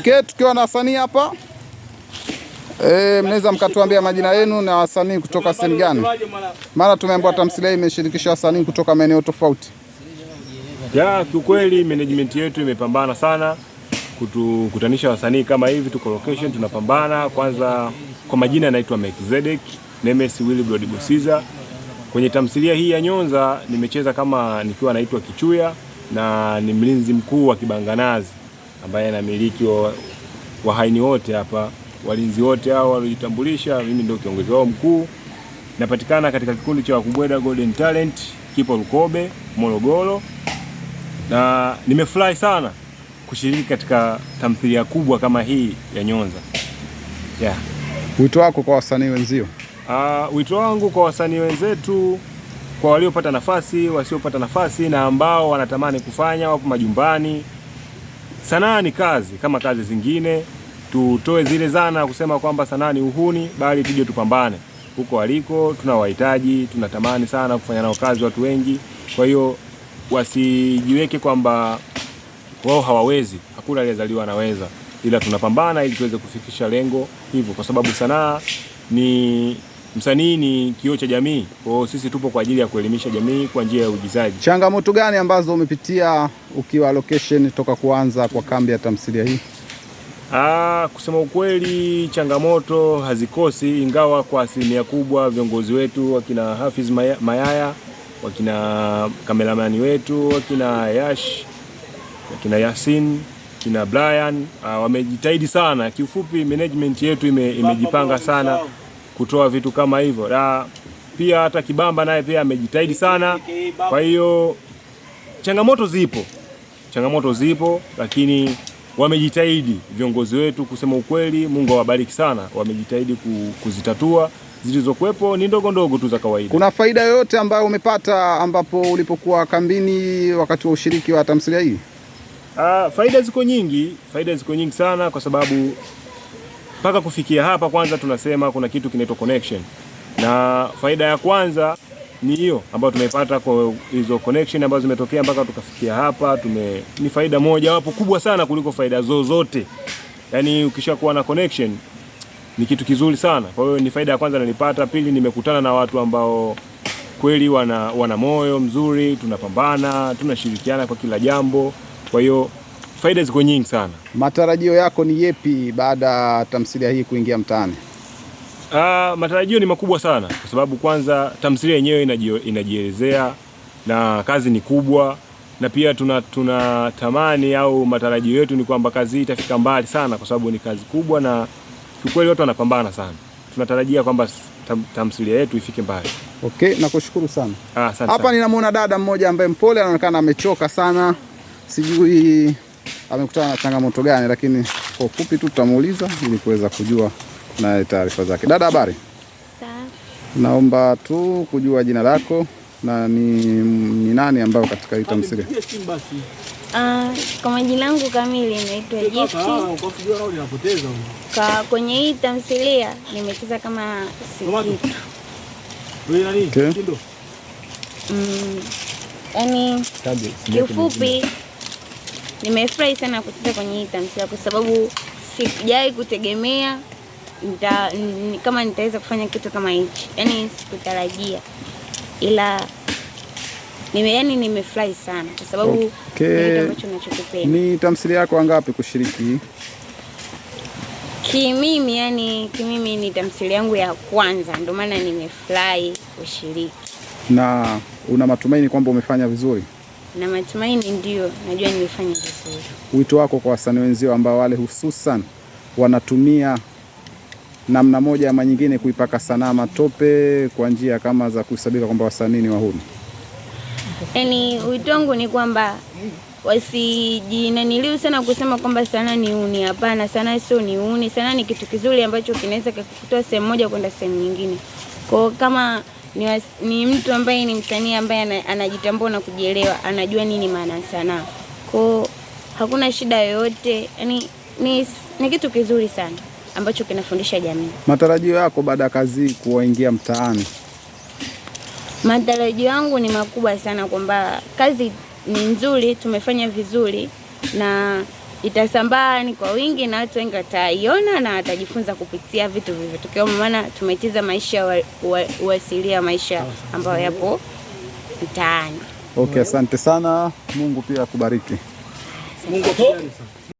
Okay, tukiwa na wasanii hapa e, mnaweza mkatuambia majina yenu na wasanii kutoka sehemu gani? Maana tumeambiwa tamthilia imeshirikisha wasanii kutoka maeneo tofauti. Ya kiukweli management yetu imepambana sana kutukutanisha wasanii kama hivi, tuko location tunapambana. Kwanza kwa majina anaitwa Melkizedek Nemes Willibrod Busiza. Kwenye tamthilia hii ya Nyonza nimecheza kama nikiwa naitwa Kichuya na ni mlinzi mkuu wa Kibanganazi ambaye anamiliki wahaini wa wote hapa, walinzi wote hao walijitambulisha, Mimi ndio kiongozi wao mkuu, napatikana katika kikundi cha Wakubweda Golden Talent, kipo Lukobe, Morogoro, na nimefurahi sana kushiriki katika tamthilia kubwa kama hii ya Nyonza. Yeah. Wito wako kwa wasanii wenzio? Uh, wito wangu kwa wasanii wenzetu, kwa waliopata nafasi, wasiopata nafasi, na ambao wanatamani kufanya, wapo majumbani Sanaa ni kazi kama kazi zingine, tutoe zile zana kusema kwamba sanaa ni uhuni, bali tuje tupambane huko aliko, wahitaji tunatamani sana kufanya nao kazi watu wengi. Kwa hiyo wasijiweke kwamba wao hawawezi. Hakuna aliyezaliwa anaweza, ila tunapambana ili tuweze kufikisha lengo hivyo, kwa sababu sanaa ni msanii ni kioo cha jamii, kwa hiyo sisi tupo kwa ajili ya kuelimisha jamii kwa njia ya uigizaji. Changamoto gani ambazo umepitia ukiwa location toka kuanza kwa kambi ya tamthilia hii? Aa, ah, kusema ukweli changamoto hazikosi, ingawa kwa asilimia kubwa viongozi wetu wakina Hafiz Mayaya, wakina kameramani wetu, wakina Yash, wakina Yasin kina Brian ah, wamejitahidi sana. Kiufupi management yetu ime, imejipanga sana kutoa vitu kama hivyo, na pia hata Kibamba naye pia amejitahidi sana. Kwa hiyo changamoto zipo, changamoto zipo, lakini wamejitahidi viongozi wetu, kusema ukweli, Mungu awabariki sana, wamejitahidi kuzitatua zilizokuwepo ni ndogo ndogo tu za kawaida. Kuna faida yoyote ambayo umepata ambapo ulipokuwa kambini wakati wa ushiriki wa tamthilia hii? Uh, faida ziko nyingi, faida ziko nyingi sana kwa sababu mpaka kufikia hapa, kwanza tunasema kuna kitu kinaitwa connection, na faida ya kwanza ni hiyo ambayo tumeipata kwa hizo connection ambazo zimetokea mpaka tukafikia hapa tume, ni faida moja wapo kubwa sana kuliko faida zozote. Yaani ukishakuwa na connection ni kitu kizuri sana. Kwa hiyo ni faida ya kwanza nilipata. Pili, nimekutana na watu ambao kweli wana, wana moyo mzuri, tunapambana tunashirikiana kwa kila jambo. Kwa hiyo faida ziko nyingi sana. Matarajio yako ni yepi baada ya tamthilia hii kuingia mtaani? Uh, matarajio ni makubwa sana kwa sababu kwanza tamthilia yenyewe inajielezea na kazi ni kubwa, na pia tuna, tuna tamani au matarajio yetu ni kwamba kazi hii itafika mbali sana kwa sababu ni kazi kubwa na kiukweli watu wanapambana sana. Tunatarajia kwamba tam, tamthilia yetu ifike mbali. Okay, nakushukuru sana. Ah, hapa ninamwona dada mmoja ambaye mpole anaonekana amechoka sana, sijui amekutana na changamoto gani, lakini kwa ufupi tu tutamuuliza ili kuweza kujua naye taarifa zake. Dada, habari? Naomba tu kujua jina lako na ni, ni nani ambao katika hii tamthilia? Uh, kwa majina yangu kamili naitwa Gift. Kwa kwenye hii tamthilia nimecheza kama Sikitu. Okay. Mm, yani kiufupi Nimefurahi sana kucheza kwenye hii tamthilia kwa sababu sijai kutegemea nita, kama nitaweza kufanya kitu kama hichi, yaani sikutarajia, ila nime, yaani nimefurahi sana kwa sababu okay. Nachokipenda ni tamthilia yako ngapi kushiriki? Kimimi yani, kimimi ni tamthilia yangu ya kwanza, ndio maana nimefurahi kushiriki. Na una matumaini kwamba umefanya vizuri? na matumaini ndio najua nimefanya vizuri. Wito wako kwa wasanii wenzio ambao wale hususan wanatumia namna moja ama nyingine kuipaka sanaa matope kwa njia kama za kusabika kwamba wasanii ni wahuni? Yaani wito wangu ni kwamba wasijinaniliu sana kusema kwamba sanaa ni uni. Hapana, sanaa sio ni uni. Sanaa ni kitu kizuri ambacho kinaweza kukutoa sehemu moja kwenda sehemu nyingine. Kwa kama ni, was, ni mtu ambaye ni msanii ambaye anajitambua na kujielewa, anajua nini maana ya sanaa kwao, hakuna shida yoyote. Yani ni, ni kitu kizuri sana ambacho kinafundisha jamii. Matarajio yako baada ya kazi kuwaingia kuingia mtaani? Matarajio yangu ni makubwa sana kwamba kazi ni nzuri, tumefanya vizuri na itasambaa ni kwa wingi na watu wengi wataiona na watajifunza kupitia vitu vilivyotokea, maana tumecheza maisha uasilia, maisha ambayo yapo mtaani. Okay, asante sana. Mungu pia akubariki. Mungu